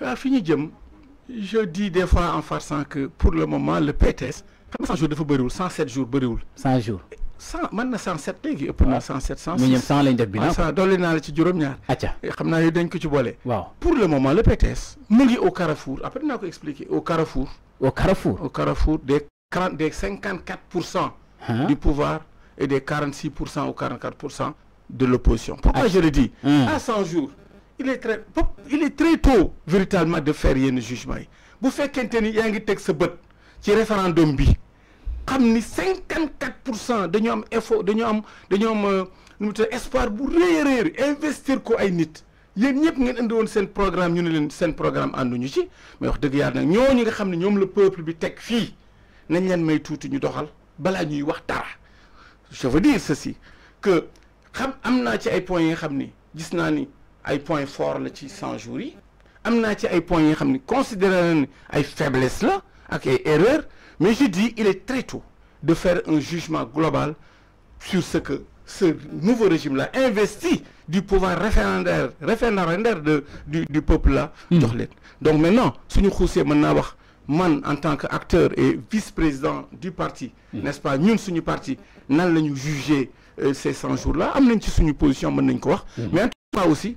Ah, fini ñu jëm je dis des fois en farçant que pour le moment le PTS 100 jours dafa bëriwul 107 jours bëriwul. 100 jours 100 maintenant 107 léegi ëpp na 107. 100 ñoom 100 lañ def ah, ci juróom-ñaar. acca eh, xam naa ko ci pour le moment le PTS nous au carrefour après nous ko expliquer au carrefour. au carrefour au carrefour des 40 des 54 hein? du pouvoir et des 46 ou 44 de l'opposition pourquoi je le dis. Hein. à 100 jours il est très il est très tôt véritablement de faire un jugement yi bu fekkente ni y ngi un sa bët ci référendum bi xam 54 de cent am effort de am dañu am euh, espoir bu réer réer investir ko ay nit yéen ñëpp ngeen indi woon seen programme ñu ne leen seen programme ñu ci mais wax dëgg yàlla nag ñooñu nga xamni ñom le peuple bi tek fi nañ leen may tuuti ñu doxal bala ñuy wax dara je veux dire ceci que xam amna ci ay points yi nga gis ni ay point fort la ci 100 jours yi amna ci ay points yi faiblesse la ak mais je dis il est très tôt de faire un jugement global sur ce que ce nouveau régime-là investit du pouvoir référendaire, référendaire de, du, du peuple-là. Hmm. Donc maintenant, si nous wax man en tant qu'acteur et vice-président du parti, hmm. n'est-ce pas, nous, sommes parti, nous allons juger euh, ces 100 jours-là, nous avons une position, hmm. mais en tout cas aussi,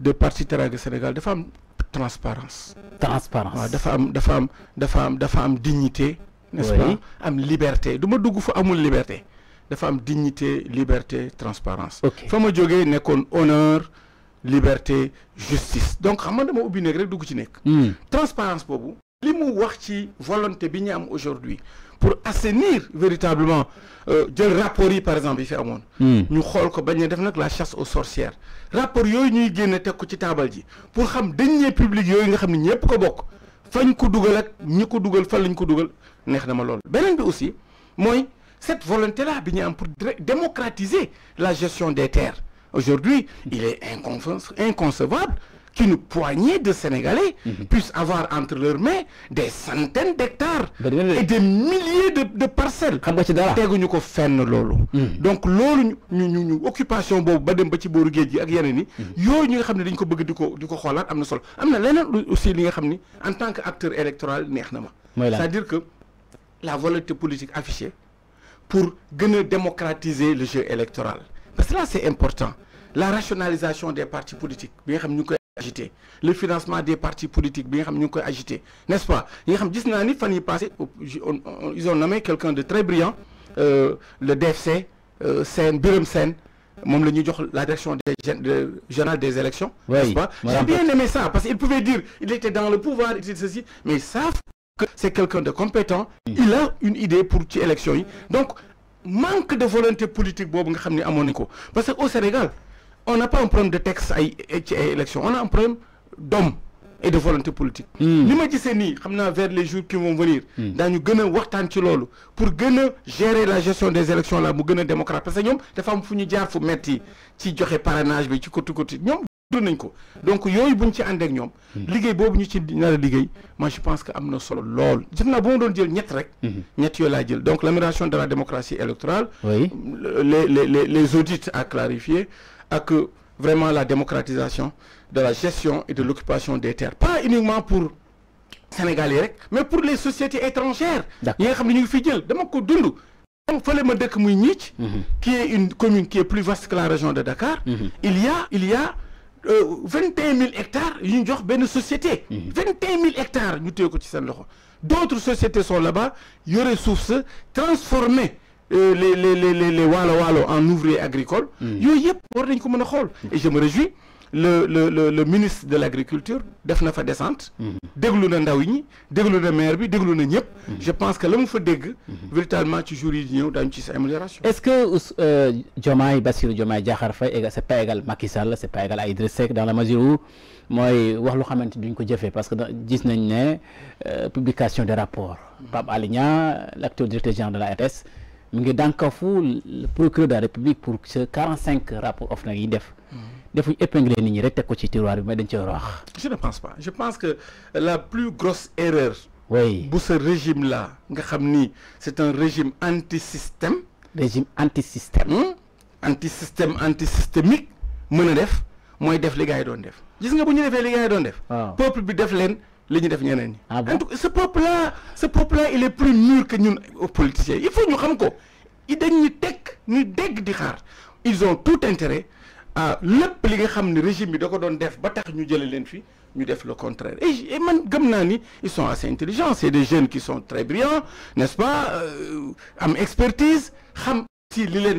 de parti Teranga Sénégal dafa femmes transparence transparence De dafa de femmes am femmes am femmes dignité n'est-ce pas am liberté du ma dugg liberté dafa am dignité liberté transparence Femme ma n'est qu'un honneur liberté justice donc xam nga dama vous néeg rek pour ci hmm. transparence ce volonté aujourd'hui pour assainir véritablement euh, jël rapport par exemple yi fi que hmm. que la chasse aux sorcières rapport pour xam dernier public que nga xam des ko aussi cette volonté là pour démocratiser la gestion des terres aujourd'hui il est inconcevable qu'une poignée de Sénégalais mhm. puissent avoir entre leurs mains des centaines d'hectares bah, et des milliers de, de parcelles. ko fenn mhm. donc l'occupation de ñu occupation ba aussi en tant qu'acteur électoral c'est-à-dire que la volonté politique affichée pour démocratiser le jeu électoral parce que là c'est important la rationalisation des partis politiques bi agité le financement des partis politiques bi nga agité n'est-ce pas ils ont nommé quelqu'un de très brillant euh, le DFC euh, Sen, Sène Sen, la direction des journal des élections nest pas j'ai bien aimé ça parce qu'il pouvait dire il était dans le pouvoir ceci mais ils savent que c'est quelqu'un de compétent mm. il a une idée pour qui élections donc manque de volonté politique à monaco parce que au Sénégal on n'a pas un problème de texte à l'élection, on a un problème d'hommes et de volonté politique. Nous que je ni vers les jours qui vont venir. nous hmm. gën a pour gérer la gestion des élections pour mu gën démocratie. parce que nous dafa am ont fait jaar fu metti ci parrainage bi ci côté côté donc yooyu buñ ci ànd ak hmm. ñu je pense que am solo lool vous hmm. donc l'amélioration de la démocratie électorale. les les les audits à clarifier à que vraiment la démocratisation de la gestion et de l'occupation des terres. Pas uniquement pour Sénégalais mais pour les sociétés étrangères. Il y a un ñu fi jël dama ko dund. Mhm. qui est une commune qui est plus vaste que la région de Dakar. Mhm. il y a il y a euh, hectares une ñu société. 21 mhm. hectares nous sommes ko sociétés sont là-bas il y ressources transformées. transformées euh, les les les les en ouvrier agricole. Hmm. et je me réjouis le le le ministre de l'agriculture Defna descente. Hmm. Hmm. je pense que véritablement amélioration. est ce que euh, djomay pas égal Macky Sall c'est pas égal à dans la mesure où parce que dans euh, publication de rapport Bab directeur général de la rs mu ngi le procureur de la république pour ce 45 rapport OFNAC yi def. Mm-hmm. defuñ épingler nit ñi rek tek ko ci tiroir bi mais dañ ci wax. je ne pense pas je pense que la plus grosse erreur. oui bu ce régime là nga xamni c'est un régime antisystème. régime antisystème. Hmm? antisystème anti mën a def moy def li gars doon def gis nga bu ñu defee li gars doon def. peuple bi def len les ah bon ce peuple là ce peuple là il est plus mûr que ñun politiciens il faut nous xam ko i dañ ñu dég ñu dégg ils ont tout intérêt à le li nga xam régime de da ko doon def ba tax ñu jëlee leen fi ñu def le contraire et man gëm ni ils sont assez intelligents c'est des jeunes qui sont très brillants n'est-ce pas euh, am expertise xam si li leen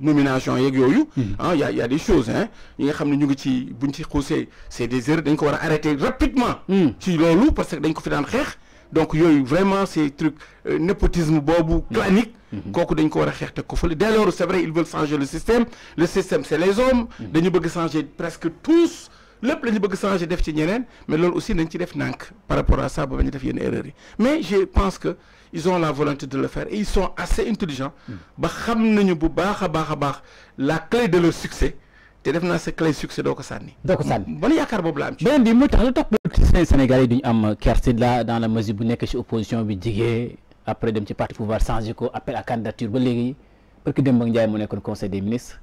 nomination yeeg yoyu il hmm. ah, y' a y' a des choses hein yi nga xam ñu ngi ci buñ ci xuusee c'est des erreurs dañ ko war arrêter rapidement. Hmm. ci lolu parce que dañ ko fi daan xeex. donc yoyu vraiment ces trucs euh, népotisme bobu hmm. clanique koku dañ ko wara a xeex ko fële dès lors vrai ils veulent changer le système le système c'est les hommes dañu bëgg changer presque tous lépp lañu bëgg changer def ci ñeneen mais lool aussi nañ ci def nank par rapport à ça ba bañu def erreur yi mais je pense que ils ont la volonté de le faire et ils sont assez intelligents hmm. ba xam nañu bu baaxa baaxa baax la clé de leur succès té def na sa clé succès doo ko ça doo ko sànni a yaakaar boobu la am ci. beneen bi mu tax lu top politiciens Sénégal duñ am dans la mesure bu nekk ci opposition bi jigee après dem ci parti pouvoir changer ko appel à candidature ba légui parce que Demba Ndiaye mu nekkoon conseil des ministres.